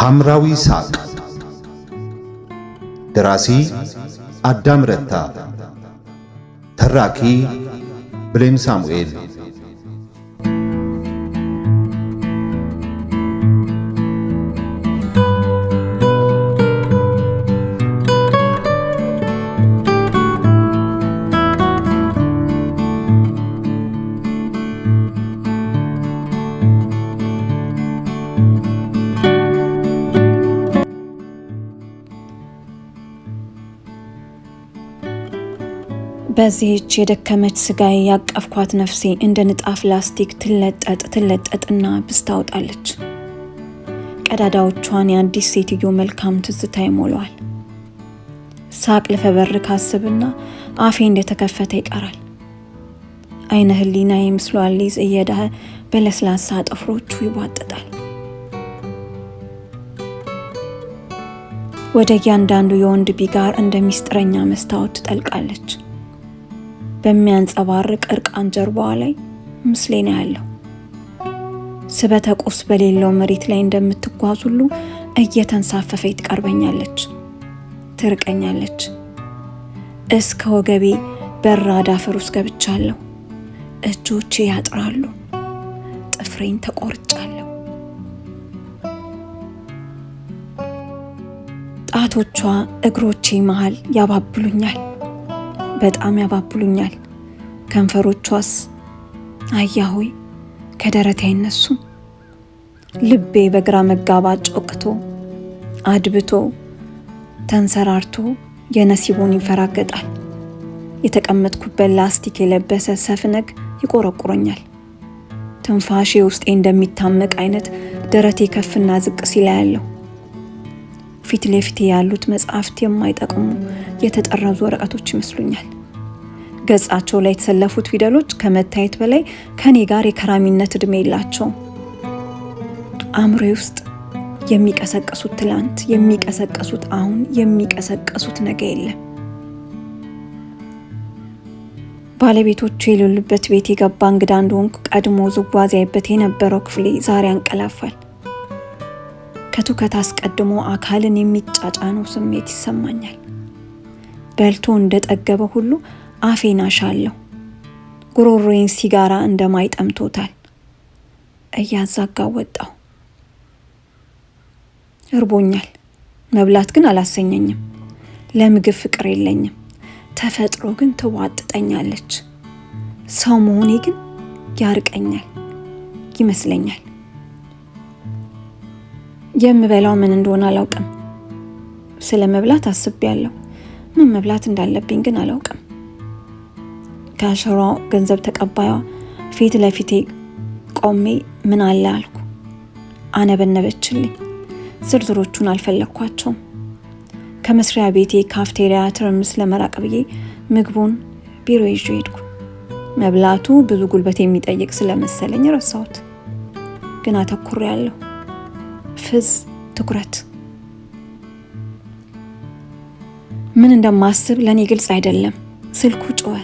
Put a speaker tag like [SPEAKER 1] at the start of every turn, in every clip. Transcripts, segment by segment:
[SPEAKER 1] ሐምራዊ ሳቅ ደራሲ አዳም ረታ ተራኪ ብሌን ሳሙኤል በዚህች የደከመች ስጋዬ ያቀፍኳት ነፍሴ እንደ ንጣፍ ላስቲክ ትለጠጥ ትለጠጥና ብስታውጣለች። ቀዳዳዎቿን የአዲስ ሴትዮ መልካም ትዝታ ይሞለዋል። ሳቅ ልፈበር ካስብና አፌ እንደተከፈተ ይቀራል። አይነ ህሊና ይምስሏል ሊዝ እየዳህ በለስላሳ ጥፍሮቹ ይቧጥጣል። ወደ እያንዳንዱ የወንድ ቢ ጋር እንደ ሚስጥረኛ መስታወት ትጠልቃለች። በሚያንጸባርቅ እርቃን ጀርባዋ ላይ ምስሌ ነው ያለው። ስበተ ቁስ በሌለው መሬት ላይ እንደምትጓዝ ሁሉ እየተንሳፈፈች ትቀርበኛለች፣ ትርቀኛለች። እስከ ወገቤ በራድ አፈር ውስጥ ገብቻለሁ። እጆቼ ያጥራሉ፣ ጥፍሬን ተቆርጫለሁ። ጣቶቿ እግሮቼ መሃል ያባብሉኛል። በጣም ያባብሉኛል። ከንፈሮቿስ አያ ሆይ ከደረቴ አይነሱም። ልቤ በግራ መጋባት ጮቅቶ አድብቶ ተንሰራርቶ የነሲቦን ይንፈራገጣል። የተቀመጥኩበት ላስቲክ የለበሰ ሰፍነግ ይቆረቁረኛል። ትንፋሼ ውስጤ እንደሚታመቅ አይነት ደረቴ ከፍና ዝቅ ሲላ ያለው ፊት ለፊት ያሉት መጽሐፍት የማይጠቅሙ የተጠረዙ ወረቀቶች ይመስሉኛል። ገጻቸው ላይ የተሰለፉት ፊደሎች ከመታየት በላይ ከኔ ጋር የከራሚነት እድሜ የላቸው። አእምሮዬ ውስጥ የሚቀሰቀሱት ትላንት፣ የሚቀሰቀሱት አሁን፣ የሚቀሰቀሱት ነገ የለም። ባለቤቶቹ የሌሉበት ቤት የገባ እንግዳ እንደሆንኩ ቀድሞ ዝጓዝ ያይበት የነበረው ክፍሌ ዛሬ አንቀላፋል። ከትውከት አስቀድሞ አካልን የሚጫጫነው ስሜት ይሰማኛል። በልቶ እንደጠገበ ሁሉ አፌን አሻለሁ። ጉሮሮዬን ሲጋራ እንደማይ ጠምቶታል። እያዛጋ ወጣሁ። እርቦኛል፣ መብላት ግን አላሰኘኝም። ለምግብ ፍቅር የለኝም። ተፈጥሮ ግን ትዋጥጠኛለች። ሰው መሆኔ ግን ያርቀኛል ይመስለኛል። የምበላው ምን እንደሆነ አላውቅም። ስለ መብላት አስቤያለሁ። ምን መብላት እንዳለብኝ ግን አላውቅም። ከአሸሯ ገንዘብ ተቀባዩ ፊት ለፊቴ ቆሜ ምን አለ አልኩ። አነበነበችልኝ። ዝርዝሮቹን አልፈለግኳቸውም። ከመስሪያ ቤቴ ካፍቴሪያ ትርምስ ለመራቅ ብዬ ምግቡን ቢሮ ይዤ ሄድኩ። መብላቱ ብዙ ጉልበት የሚጠይቅ ስለመሰለኝ ረሳሁት፣ ግን አተኩሬ ያለሁ ፍዝ ትኩረት ምን እንደማስብ ለእኔ ግልጽ አይደለም። ስልኩ ጮኸ።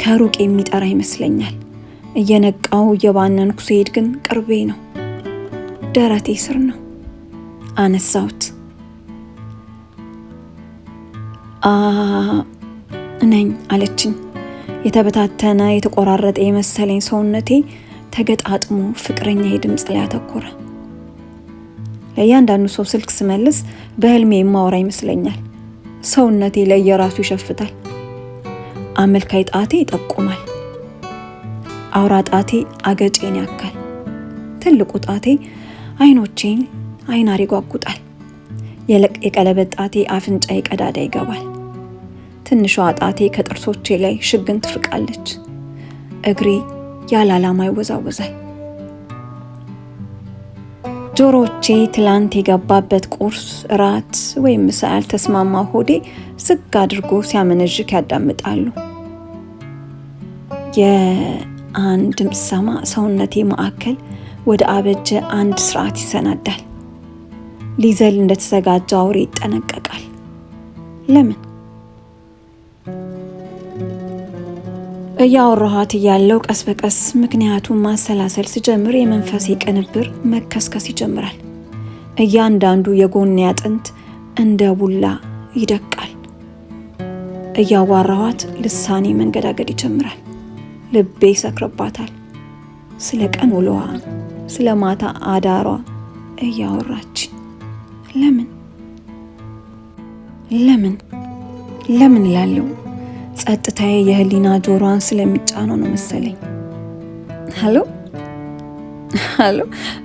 [SPEAKER 1] ከሩቅ የሚጠራ ይመስለኛል። እየነቃው እየባነንኩ ስሄድ ግን ቅርቤ ነው። ደረቴ ስር ነው። አነሳሁት። ነኝ አለችኝ። የተበታተነ የተቆራረጠ የመሰለኝ ሰውነቴ ተገጣጥሞ ፍቅረኛ የድምፅ ላይ አተኮረ። ለእያንዳንዱ ሰው ስልክ ስመልስ በህልሜ የማወራ ይመስለኛል። ሰውነቴ ለየራሱ ይሸፍታል። አመልካይ ጣቴ ይጠቁማል። አውራ ጣቴ አገጬን ያካል። ትልቁ ጣቴ አይኖቼን አይናር ይጓጉጣል። የቀለበት ጣቴ አፍንጫ ቀዳዳ ይገባል። ትንሿ ጣቴ ከጥርሶቼ ላይ ሽግን ትፍቃለች። እግሬ ያለ ዓላማ ይወዛወዛል። ጆሮቼ ትላንት የገባበት ቁርስ፣ እራት ወይም ምሳ ያልተስማማ ሆዴ ስግ አድርጎ ሲያመነዥክ ያዳምጣሉ። የአንድ ምሰማ ሰውነቴ ማዕከል ወደ አበጀ አንድ ስርዓት ይሰናዳል። ሊዘል እንደተዘጋጀ አውሬ ይጠነቀቃል። ለምን? እያወራኋት እያለው ቀስ በቀስ ምክንያቱን ማሰላሰል ሲጀምር የመንፈሴ ቅንብር መከስከስ ይጀምራል። እያንዳንዱ የጎኔ አጥንት እንደ ቡላ ይደቃል። እያዋራኋት ልሳኔ መንገዳገድ ይጀምራል። ልቤ ይሰክርባታል። ስለ ቀን ውሎዋ፣ ስለ ማታ አዳሯ እያወራች ለምን ለምን ለምን ላለው ጸጥታዬ የህሊና ጆሮዋን ስለሚጫነው ነው መሰለኝ። ሀሎ ሀሎ፣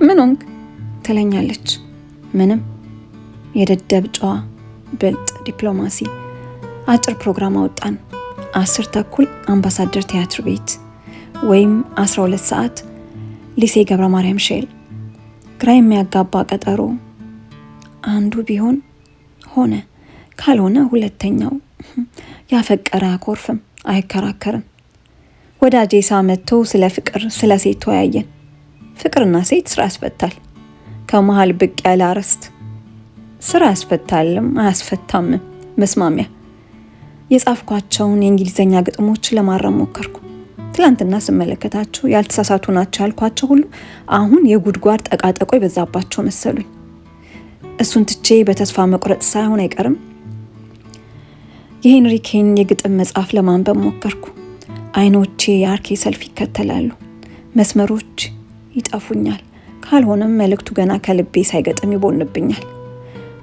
[SPEAKER 1] ምን ሆንክ ትለኛለች። ምንም የደደብ ጨዋ ብልጥ ዲፕሎማሲ። አጭር ፕሮግራም አወጣን። አስር ተኩል አምባሳደር ቲያትር ቤት ወይም 12 ሰዓት ሊሴ ገብረ ማርያም ሼል። ግራ የሚያጋባ ቀጠሮ። አንዱ ቢሆን ሆነ፣ ካልሆነ ሁለተኛው ያፈቀረ አኮርፍም፣ አይከራከርም። ወዳጄ ሳ መጥቶ ስለ ፍቅር፣ ስለ ሴት ተወያየን። ፍቅርና ሴት ስራ ያስፈታል። ከመሀል ብቅ ያለ አርዕስት ስራ ያስፈታልም አያስፈታምም መስማሚያ። የጻፍኳቸውን የእንግሊዝኛ ግጥሞች ለማረም ሞከርኩ። ትላንትና ስመለከታቸው ያልተሳሳቱ ናቸው ያልኳቸው ሁሉ አሁን የጉድጓድ ጠቃጠቆ የበዛባቸው መሰሉኝ። እሱን ትቼ በተስፋ መቁረጥ ሳይሆን አይቀርም የሄንሪ ኬን የግጥም መጽሐፍ ለማንበብ ሞከርኩ። አይኖቼ የአርኬ ሰልፍ ይከተላሉ፣ መስመሮች ይጠፉኛል። ካልሆነም መልእክቱ ገና ከልቤ ሳይገጥም ይቦንብኛል።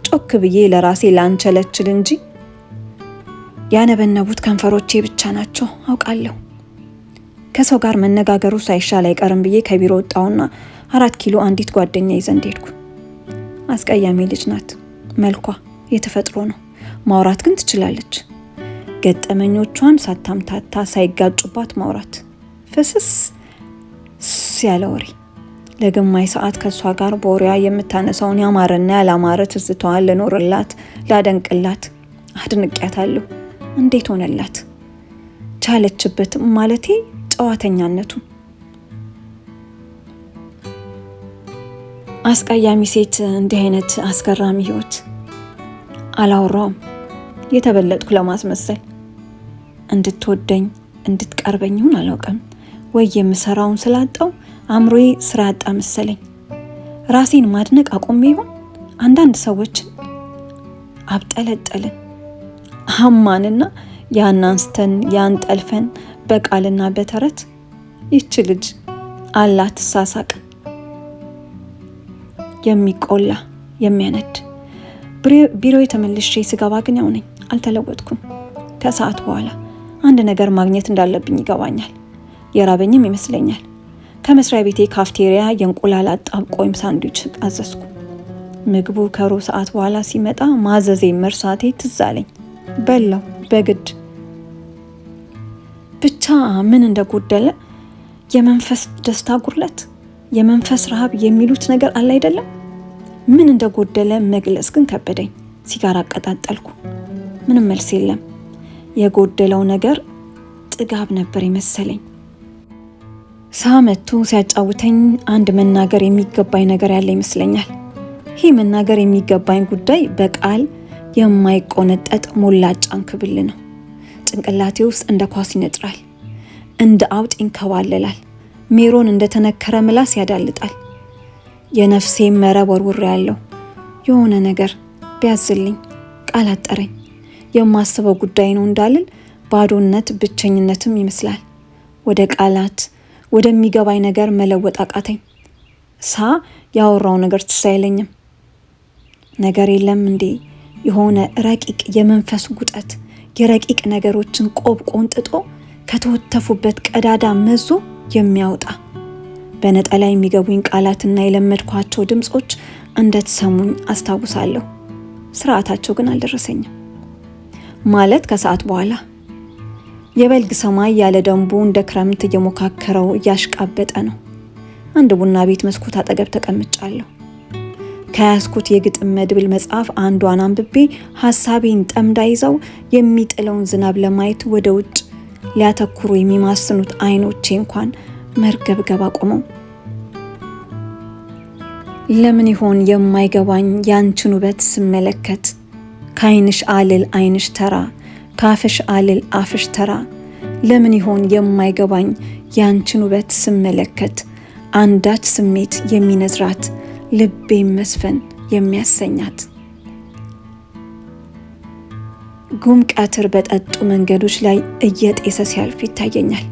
[SPEAKER 1] ጮክ ብዬ ለራሴ ላንቸለችል እንጂ ያነበነቡት ከንፈሮቼ ብቻ ናቸው አውቃለሁ። ከሰው ጋር መነጋገሩ ሳይሻል አይቀርም ብዬ ከቢሮ ወጣውና አራት ኪሎ አንዲት ጓደኛ ይዘንድ ሄድኩ። አስቀያሚ ልጅ ናት። መልኳ የተፈጥሮ ነው። ማውራት ግን ትችላለች። ገጠመኞቿን ሳታምታታ ሳይጋጩባት ማውራት ፍስስ ያለ ወሬ ሰዓት ከእሷ ጋር በወሬዋ የምታነሳውን ያማረና ያላማረ ትዝታዋን ልኖርላት፣ ላደንቅላት አድንቅያታለሁ። እንዴት ሆነላት ቻለችበት? ማለቴ ጨዋተኛነቱ። አስቀያሚ ሴት! እንዲህ አይነት አስገራሚ ህይወት አላወራውም። የተበለጥኩ ለማስመሰል እንድትወደኝ እንድትቀርበኝ ይሁን አላውቅም ወይ የምሰራውን ስላጣው አእምሮዬ ስራ ያጣ መሰለኝ። ራሴን ማድነቅ አቁሜ ይሆን? አንዳንድ ሰዎችን አብጠለጠልን አማንና ያን አንስተን ያን ጠልፈን በቃልና በተረት ይች ልጅ አላት ሳሳቅ የሚቆላ የሚያነድ ቢሮ ተመልሽ ስገባ ግን ያው ነኝ። አልተለወጥኩም። ከሰዓት በኋላ አንድ ነገር ማግኘት እንዳለብኝ ይገባኛል። የራበኝም ይመስለኛል። ከመስሪያ ቤቴ ካፍቴሪያ የእንቁላል አጣብቆኝ ሳንዱች አዘዝኩ። ምግቡ ከሩብ ሰዓት በኋላ ሲመጣ ማዘዜ መርሳቴ ትዝ አለኝ። በላው በግድ ብቻ ምን እንደጎደለ የመንፈስ ደስታ ጉርለት የመንፈስ ረሃብ የሚሉት ነገር አለ አይደለም። ምን እንደጎደለ መግለጽ ግን ከበደኝ። ሲጋራ አቀጣጠልኩ። ምንም መልስ የለም። የጎደለው ነገር ጥጋብ ነበር የመሰለኝ። ሳመቱ ሲያጫውተኝ አንድ መናገር የሚገባኝ ነገር ያለ ይመስለኛል። ይህ መናገር የሚገባኝ ጉዳይ በቃል የማይቆነጠጥ ሞላጫ እንክብል ነው። ጭንቅላቴ ውስጥ እንደ ኳስ ይነጥራል፣ እንደ አውጥ ይንከባለላል፣ ሜሮን እንደተነከረ ምላስ ያዳልጣል። የነፍሴ መረብ ወርውሬ ያለው የሆነ ነገር ቢያዝልኝ ቃል አጠረኝ። የማስበው ጉዳይ ነው እንዳልል ባዶነት፣ ብቸኝነትም ይመስላል። ወደ ቃላት ወደሚገባኝ ነገር መለወጥ አቃተኝ። ሳ ያወራው ነገር ትስ አይለኝም። ነገር የለም እንዴ የሆነ ረቂቅ የመንፈስ ጉጠት የረቂቅ ነገሮችን ቆብ ቆንጥጦ ከተወተፉበት ቀዳዳ መዞ የሚያወጣ በነጠላ የሚገቡኝ ቃላትና የለመድኳቸው ድምፆች እንደተሰሙኝ አስታውሳለሁ። ስርዓታቸው ግን አልደረሰኝም። ማለት ከሰዓት በኋላ የበልግ ሰማይ ያለ ደንቡ እንደ ክረምት እየሞካከረው እያሽቃበጠ ነው። አንድ ቡና ቤት መስኮት አጠገብ ተቀምጫለሁ። ከያዝኩት የግጥም መድብል መጽሐፍ አንዷን አንብቤ ሀሳቤን ጠምዳ ይዘው የሚጥለውን ዝናብ ለማየት ወደ ውጭ ሊያተኩሩ የሚማስኑት አይኖቼ እንኳን መርገብገብ አቆመው። ለምን ይሆን የማይገባኝ ያንችን ውበት ስመለከት ከዓይንሽ አልል ዓይንሽ ተራ፣ ከአፍሽ አልል አፍሽ ተራ። ለምን ይሆን የማይገባኝ ያንችን ውበት ስመለከት አንዳች ስሜት የሚነዝራት ልቤ መስፈን የሚያሰኛት ጉም ቀትር በጠጡ መንገዶች ላይ እየጤሰ ሲያልፍ ይታየኛል።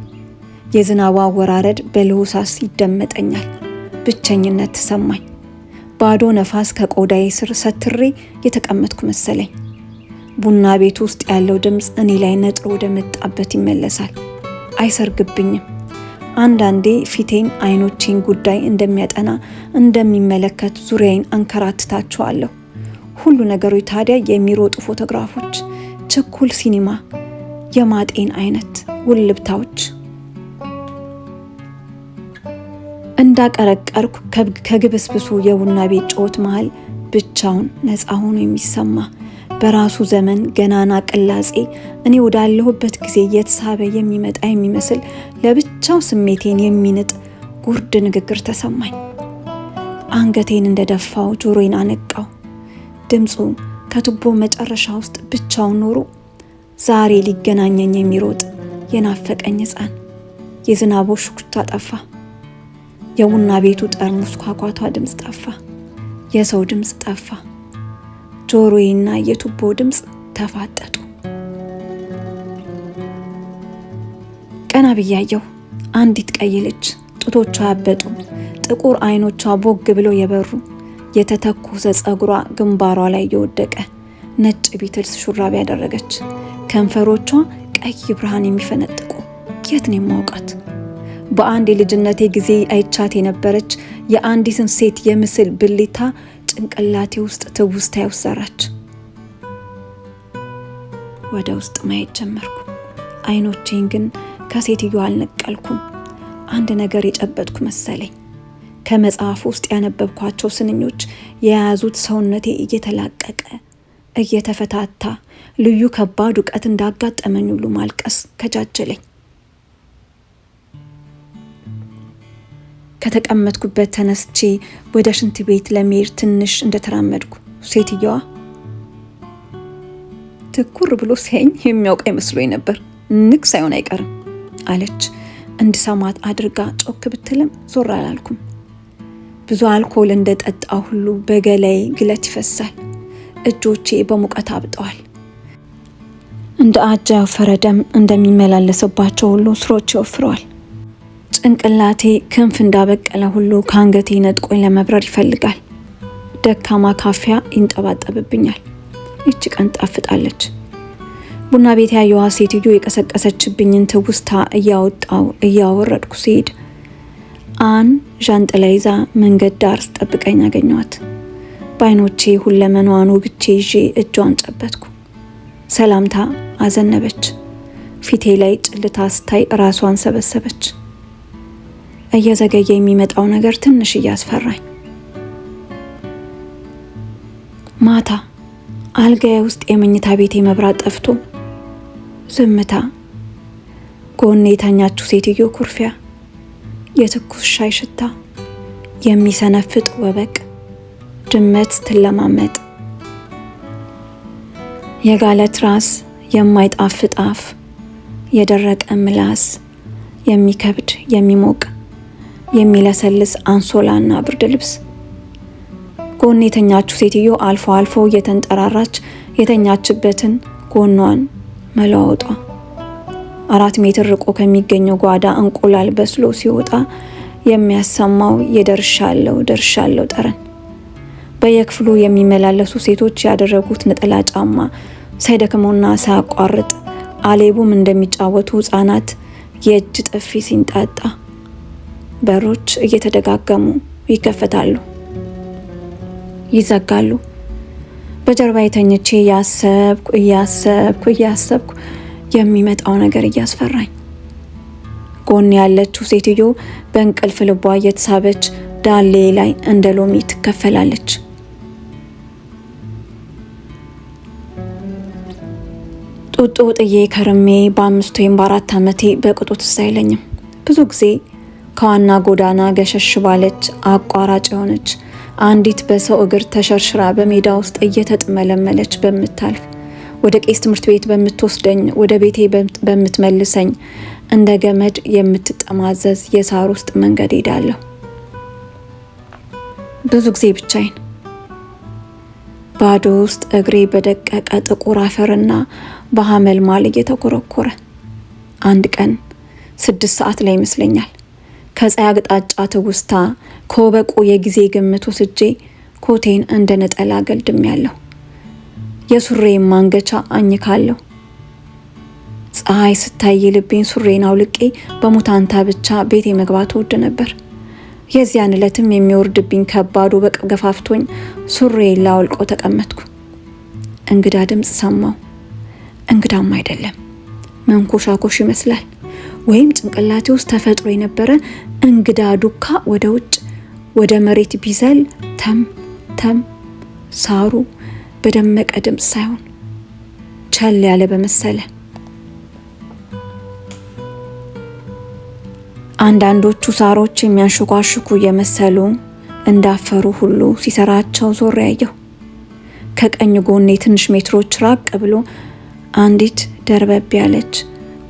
[SPEAKER 1] የዝናቧ አወራረድ በልሆሳስ ይደመጠኛል። ብቸኝነት ተሰማኝ። ባዶ ነፋስ ከቆዳዬ ስር ሰትሬ የተቀመጥኩ መሰለኝ። ቡና ቤት ውስጥ ያለው ድምፅ እኔ ላይ ነጥሮ ወደ መጣበት ይመለሳል። አይሰርግብኝም። አንዳንዴ ፊቴን፣ አይኖቼን ጉዳይ እንደሚያጠና እንደሚመለከት ዙሪያዬን አንከራትታቸዋለሁ። ሁሉ ነገሮች ታዲያ የሚሮጡ ፎቶግራፎች፣ ችኩል ሲኒማ፣ የማጤን አይነት ውልብታዎች እንዳቀረቀርኩ ከግብስብሱ የቡና ቤት ጩኸት መሃል ብቻውን ነፃ ሆኖ የሚሰማ በራሱ ዘመን ገናና ቅላጼ እኔ ወዳለሁበት ጊዜ እየተሳበ የሚመጣ የሚመስል ለብቻው ስሜቴን የሚንጥ ጉርድ ንግግር ተሰማኝ። አንገቴን እንደደፋው ጆሮዬን አነቃው። ድምፁ ከቱቦ መጨረሻ ውስጥ ብቻውን ኖሮ ዛሬ ሊገናኘኝ የሚሮጥ የናፈቀኝ ሕፃን የዝናቦ ሹክታ ጠፋ። የቡና ቤቱ ጠርሙስ ኳኳቷ ድምፅ ጠፋ። የሰው ድምፅ ጠፋ። ጆሮዬና የቱቦ ድምፅ ተፋጠጡ። ቀና ብያየሁ። አንዲት ቀይ ልጅ ጡቶቿ ያበጡ፣ ጥቁር አይኖቿ ቦግ ብለው የበሩ፣ የተተኮሰ ጸጉሯ ግንባሯ ላይ የወደቀ ነጭ ቢትልስ ሹራብ ያደረገች፣ ከንፈሮቿ ቀይ ብርሃን የሚፈነጥቁ የት ነው የማውቃት? በአንድ የልጅነቴ ጊዜ አይቻት የነበረች የአንዲትን ሴት የምስል ብሊታ ጭንቅላቴ ውስጥ ትውስታ ያውሰራች። ወደ ውስጥ ማየት ጀመርኩ። አይኖቼን ግን ከሴትዮ አልነቀልኩም። አንድ ነገር የጨበጥኩ መሰለኝ። ከመጽሐፍ ውስጥ ያነበብኳቸው ስንኞች የያዙት ሰውነቴ እየተላቀቀ እየተፈታታ ልዩ ከባድ እውቀት እንዳጋጠመኝ ሁሉ ማልቀስ ከጃጀለኝ። ከተቀመጥኩበት ተነስቼ ወደ ሽንት ቤት ለመሄድ ትንሽ እንደተራመድኩ ሴትየዋ ትኩር ብሎ ሲያኝ የሚያውቅ ይመስሎኝ ነበር። ንግ ሳይሆን አይቀርም አለች። እንድሰማት አድርጋ ጮክ ብትልም ዞር አላልኩም። ብዙ አልኮል እንደጠጣ ሁሉ በገላይ ግለት ይፈሳል። እጆቼ በሙቀት አብጠዋል። እንደ አጃ የወፈረ ደም እንደሚመላለስባቸው ሁሉ ስሮች ይወፍረዋል። ጭንቅላቴ ክንፍ እንዳበቀለ ሁሉ ከአንገቴ ነጥቆኝ ለመብረር ይፈልጋል። ደካማ ካፊያ ይንጠባጠብብኛል። ይች ቀን ጣፍጣለች። ቡና ቤት ያየዋ ሴትዮ የቀሰቀሰችብኝን ትውስታ እያወጣው እያወረድኩ ሲሄድ አን ዣንጥላ ይዛ መንገድ ዳር ስጠብቀኝ አገኘዋት። በአይኖቼ ሁለመናዋን ውግቼ ይዤ እጇን ጨበጥኩ። ሰላምታ አዘነበች። ፊቴ ላይ ጭልታ ስታይ ራሷን ሰበሰበች። እየዘገየ የሚመጣው ነገር ትንሽ እያስፈራኝ ማታ አልጋዬ ውስጥ የመኝታ ቤቴ መብራት ጠፍቶ ዝምታ፣ ጎን የተኛችው ሴትዮ ኩርፊያ፣ የትኩስ ሻይ ሽታ፣ የሚሰነፍጥ ወበቅ፣ ድመት ትለማመጥ፣ የጋለ ትራስ፣ የማይጣፍጥ አፍ፣ የደረቀ ምላስ፣ የሚከብድ የሚሞቅ የሚለሰልስ አንሶላና ብርድ ልብስ። ጎን የተኛችው ሴትዮ አልፎ አልፎ እየተንጠራራች የተኛችበትን ጎኗን መለዋወጧ አራት ሜትር ርቆ ከሚገኘው ጓዳ እንቁላል በስሎ ሲወጣ የሚያሰማው የደርሻለው ደርሻለው ጠረን በየክፍሉ የሚመላለሱ ሴቶች ያደረጉት ነጠላ ጫማ ሳይደክመውና ሳያቋርጥ አሌቡም እንደሚጫወቱ ህፃናት የእጅ ጥፊ ሲንጣጣ በሮች እየተደጋገሙ ይከፈታሉ፣ ይዘጋሉ። በጀርባ የተኝቼ እያሰብኩ እያሰብኩ እያሰብኩ የሚመጣው ነገር እያስፈራኝ፣ ጎን ያለችው ሴትዮ በእንቅልፍ ልቧ እየተሳበች ዳሌ ላይ እንደ ሎሚ ትከፈላለች። ጡጦ ጥዬ ከርሜ በአምስት ወይም በአራት ዓመቴ በቅጡ ትዝ አይለኝም ብዙ ጊዜ ከዋና ጎዳና ገሸሽ ባለች አቋራጭ የሆነች አንዲት በሰው እግር ተሸርሽራ በሜዳ ውስጥ እየተጥመለመለች በምታልፍ ወደ ቄስ ትምህርት ቤት በምትወስደኝ ወደ ቤቴ በምትመልሰኝ እንደ ገመድ የምትጠማዘዝ የሳር ውስጥ መንገድ ሄዳለሁ። ብዙ ጊዜ ብቻዬን ባዶ ውስጥ እግሬ በደቀቀ ጥቁር አፈርና በሐመልማል እየተኮረኮረ አንድ ቀን ስድስት ሰዓት ላይ ይመስለኛል ከፀሐይ አቅጣጫ ትውስታ ከወበቁ የጊዜ ግምት ወስጄ ኮቴን እንደ ነጠላ ያለው። የሱሬን ማንገቻ አኝካለሁ። ፀሐይ ስታይ ልቤን ሱሬን አውልቄ በሙታንታ ብቻ ቤቴ መግባት ውድ ነበር። የዚያን ዕለትም የሚወርድብኝ ከባዱ በቅብ ገፋፍቶኝ ሱሬን ላውልቆ ተቀመጥኩ። እንግዳ ድምፅ ሰማሁ። እንግዳም አይደለም መንኮሻኮሽ ይመስላል ወይም ጭንቅላቴ ውስጥ ተፈጥሮ የነበረ እንግዳ ዱካ ወደ ውጭ ወደ መሬት ቢዘል ተም ተም ሳሩ በደመቀ ድምፅ ሳይሆን ቸል ያለ በመሰለ አንዳንዶቹ ሳሮች የሚያንሽኳሽኩ እየመሰሉ እንዳፈሩ ሁሉ ሲሰራቸው ዞር ያየው። ከቀኝ ጎኔ ትንሽ ሜትሮች ራቅ ብሎ አንዲት ደርበብ ያለች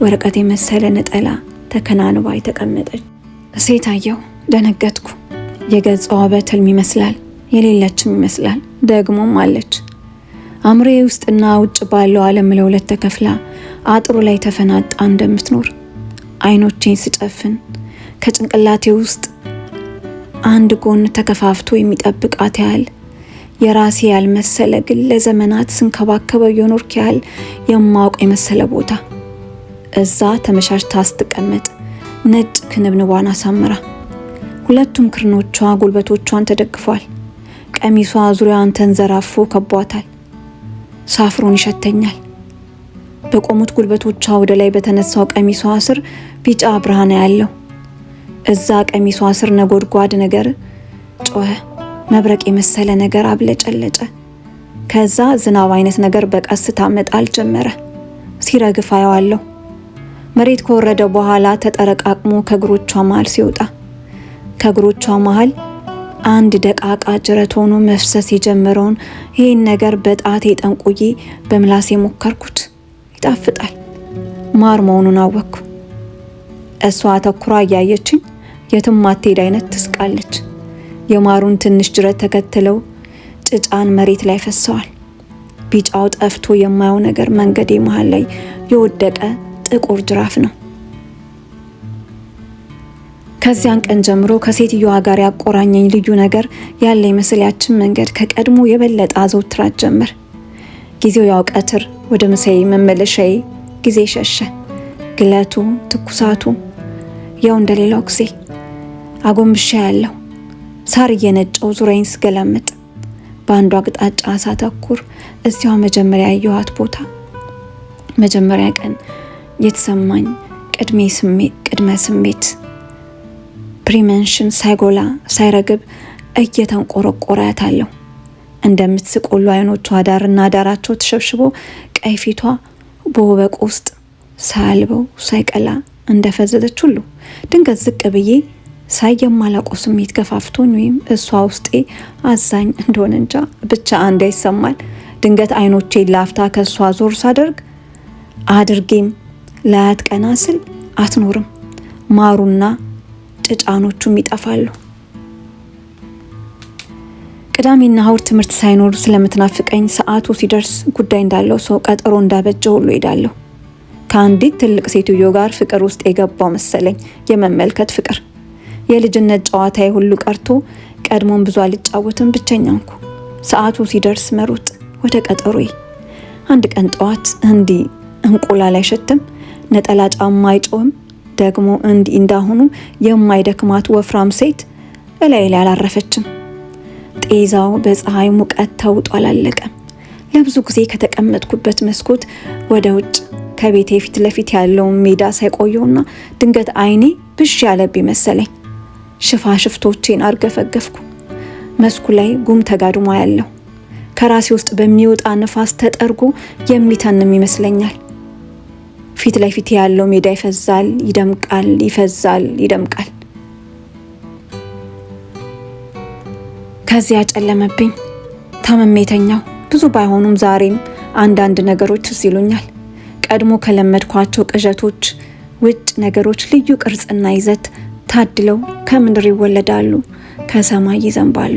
[SPEAKER 1] ወረቀት የመሰለ ነጠላ ተከናንባ የተቀመጠች ሴት አየሁ፣ ደነገጥኩ። የገጸዋ በትልም ይመስላል የሌለችም ይመስላል ደግሞም አለች። አምሬ ውስጥና ውጭ ባለው ዓለም ለሁለት ተከፍላ አጥሩ ላይ ተፈናጣ እንደምትኖር አይኖቼን ስጨፍን ከጭንቅላቴ ውስጥ አንድ ጎን ተከፋፍቶ የሚጠብቃት ያህል የራሴ ያልመሰለ ግን ለዘመናት ስንከባከበው የኖርክ ያህል የማውቅ የመሰለ ቦታ እዛ ተመሻሽታ ስትቀመጥ ነጭ ክንብንቧን አሳምራ ሁለቱም ክርኖቿ ጉልበቶቿን ተደግፏል። ቀሚሷ ዙሪያዋን ተንዘራፎ ከቧታል። ሳፍሮን ይሸተኛል። በቆሙት ጉልበቶቿ ወደ ላይ በተነሳው ቀሚሷ ስር ቢጫ ብርሃን ያለው እዛ ቀሚሷ ስር ነጎድጓድ ነገር ጮኸ። መብረቅ የመሰለ ነገር አብለጨለጨ። ከዛ ዝናብ አይነት ነገር በቀስታ መጣል ጀመረ። ሲረግፍ አየዋለሁ። መሬት ከወረደ በኋላ ተጠረቃቅሞ ከእግሮቿ መሃል ሲወጣ ከእግሮቿ መሃል አንድ ደቃቃ ጅረት ሆኖ መፍሰስ የጀመረውን ይህን ነገር በጣቴ ጠንቁዬ በምላሴ ሞከርኩት። ይጣፍጣል፣ ማር መሆኑን አወቅኩ። እሷ አተኩራ እያየችኝ የትም አትሄድ አይነት ትስቃለች። የማሩን ትንሽ ጅረት ተከትለው ጭጫን መሬት ላይ ፈሰዋል። ቢጫው ጠፍቶ የማየው ነገር መንገዴ መሃል ላይ የወደቀ ጥቁር ጅራፍ ነው። ከዚያን ቀን ጀምሮ ከሴትዮዋ ጋር ያቆራኘኝ ልዩ ነገር ያለ ይመስል ያችን መንገድ ከቀድሞ የበለጠ አዘውትራት ጀመር። ጊዜው ያው ቀትር ወደ ምሳዬ መመለሻዬ ጊዜ ሸሸ። ግለቱ፣ ትኩሳቱ ያው እንደሌላው ጊዜ አጎንብሻ ያለው ሳር እየነጨው ዙሪያዬን ስገለምጥ በአንዱ አቅጣጫ ሳተኩር እዚያው መጀመሪያ ያየኋት ቦታ መጀመሪያ ቀን የተሰማኝ ቅድመ ስሜት ፕሪመንሽን ሳይጎላ ሳይረግብ እየተንቆረቆረ ያታለሁ። እንደምትስቅ ሁሉ አይኖቿ ዳርና ዳራቸው ተሸብሽቦ ቀይ ፊቷ በወበቁ ውስጥ ሳያልበው ሳይቀላ እንደፈዘዘች ሁሉ ድንገት ዝቅ ብዬ ሳይ የማላውቀው ስሜት ገፋፍቶኝ ወይም እሷ ውስጤ አዛኝ እንደሆነ እንጃ ብቻ አንድ ይሰማል። ድንገት አይኖቼ ላፍታ ከእሷ ዞር ሳደርግ አድርጌም ለአያት ቀና ስል አትኖርም፣ ማሩና ጭጫኖቹም ይጠፋሉ። ቅዳሜና እሁድ ትምህርት ሳይኖር ስለምትናፍቀኝ ሰዓቱ ሲደርስ ጉዳይ እንዳለው ሰው ቀጠሮ እንዳበጀ ሁሉ ሄዳለሁ። ከአንዲት ትልቅ ሴትዮ ጋር ፍቅር ውስጥ የገባው መሰለኝ የመመልከት ፍቅር። የልጅነት ጨዋታዬ ሁሉ ቀርቶ ቀድሞን ብዙ አልጫወትም፣ ብቸኛ እንኩ። ሰዓቱ ሲደርስ መሮጥ ወደ ቀጠሮዬ። አንድ ቀን ጠዋት እንዲህ እንቁላል አይሸትም ነጠላ ጫማ አይጮህም። ደግሞ እንዲ እንዳሁኑ የማይደክማት ወፍራም ሴት እላይ ላይ አላረፈችም። ጤዛው በፀሐይ ሙቀት ተውጦ አላለቀም። ለብዙ ጊዜ ከተቀመጥኩበት መስኮት ወደ ውጭ ከቤቴ ፊት ለፊት ያለውን ሜዳ ሳይቆየውና ድንገት አይኔ ብዥ ያለብኝ መሰለኝ። ሽፋሽፍቶቼን አርገፈገፍኩ። መስኩ ላይ ጉም ተጋድሞ ያለው ከራሴ ውስጥ በሚወጣ ንፋስ ተጠርጎ የሚተንም ይመስለኛል። ፊት ለፊት ያለው ሜዳ ይፈዛል፣ ይደምቃል፣ ይፈዛል፣ ይደምቃል። ከዚያ ጨለመብኝ። ታመሜተኛው ብዙ ባይሆኑም ዛሬም አንዳንድ ነገሮች ትዝ ይሉኛል። ቀድሞ ከለመድኳቸው ቅዠቶች ውጭ ነገሮች ልዩ ቅርጽና ይዘት ታድለው ከምድር ይወለዳሉ፣ ከሰማይ ይዘንባሉ።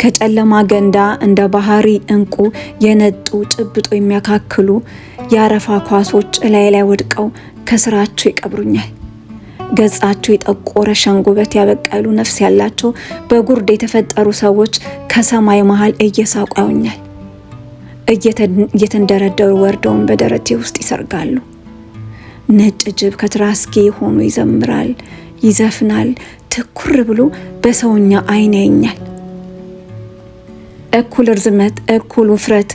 [SPEAKER 1] ከጨለማ ገንዳ እንደ ባህሪ እንቁ የነጡ ጭብጦ የሚያካክሉ የአረፋ ኳሶች እላይ ላይ ወድቀው ከስራቸው ይቀብሩኛል። ገጻቸው የጠቆረ ሸንጉበት ያበቀሉ ነፍስ ያላቸው በጉርድ የተፈጠሩ ሰዎች ከሰማይ መሃል እየሳቁ ያውኛል። እየተንደረደሩ ወርደውን በደረቴ ውስጥ ይሰርጋሉ። ነጭ ጅብ ከትራስጌ ሆኖ ይዘምራል፣ ይዘፍናል። ትኩር ብሎ በሰውኛ አይን ያይኛል። እኩል ርዝመት፣ እኩል ውፍረት፣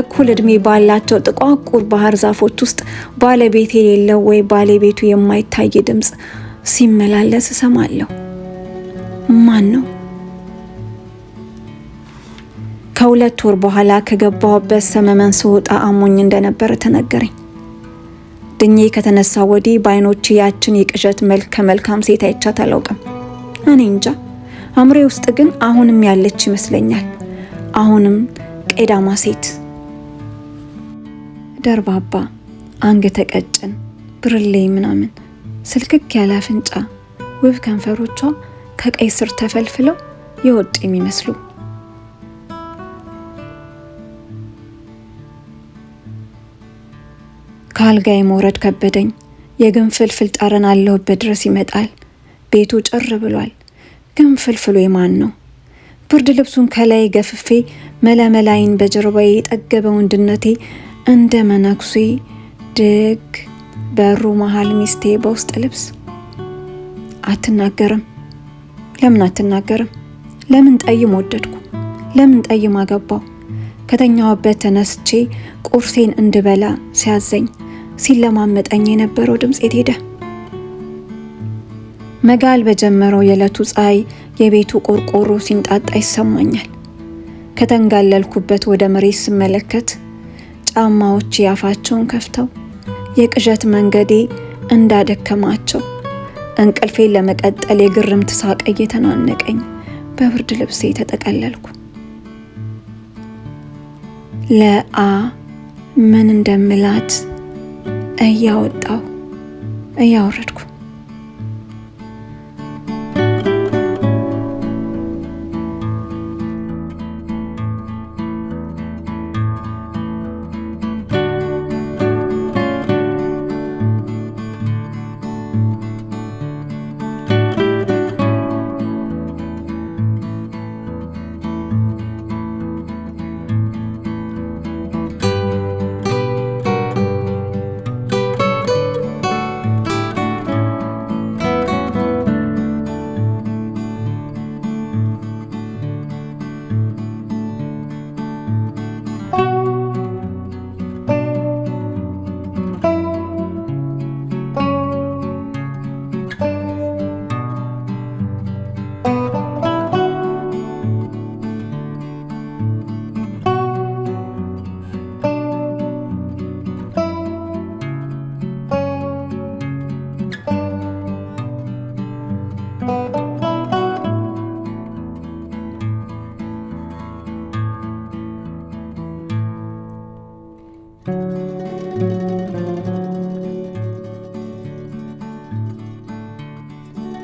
[SPEAKER 1] እኩል እድሜ ባላቸው ጥቋቁር ባህር ዛፎች ውስጥ ባለቤት የሌለው ወይ ባለቤቱ የማይታይ ድምፅ ሲመላለስ እሰማለሁ። ማን ነው? ከሁለት ወር በኋላ ከገባሁበት ሰመመን ስወጣ አሞኝ እንደነበረ ተነገረኝ። ድኜ ከተነሳ ወዲህ በአይኖች ያችን የቅዠት መልክ ከመልካም ሴት አይቻት አላውቅም። እኔ እንጃ አእምሬ ውስጥ ግን አሁንም ያለች ይመስለኛል። አሁንም ቀዳማ ሴት ደርባባ፣ አንገተ ቀጭን፣ ብርሌ ምናምን፣ ስልክክ ያለ አፍንጫ፣ ውብ ከንፈሮቿ ከቀይ ስር ተፈልፍለው የወጡ የሚመስሉ ከአልጋ የመውረድ ከበደኝ። የግን ፍልፍል ጠረን አለሁበት ድረስ ይመጣል። ቤቱ ጭር ብሏል። ግን ፍልፍሉ የማን ነው? ብርድ ልብሱን ከላይ ገፍፌ መላመላይን በጀርባዬ የጠገበ ወንድነቴ እንደ መነኩሴ ድግ በሩ መሀል ሚስቴ በውስጥ ልብስ አትናገርም። ለምን አትናገርም? ለምን ጠይም ወደድኩ? ለምን ጠይም አገባው? ከተኛዋበት ተነስቼ ቁርሴን እንድበላ ሲያዘኝ ሲለማመጠኝ የነበረው ድምፅ የት ሄደ? መጋል በጀመረው የዕለቱ ፀሐይ የቤቱ ቆርቆሮ ሲንጣጣ ይሰማኛል። ከተንጋለልኩበት ወደ መሬት ስመለከት ጫማዎች ያፋቸውን ከፍተው የቅዠት መንገዴ እንዳደከማቸው እንቅልፌን ለመቀጠል የግርምት ሳቅ እየተናነቀኝ በብርድ ልብሴ ተጠቀለልኩ። ለአ ምን እንደምላት እያወጣው እያወረድኩ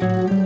[SPEAKER 1] thank you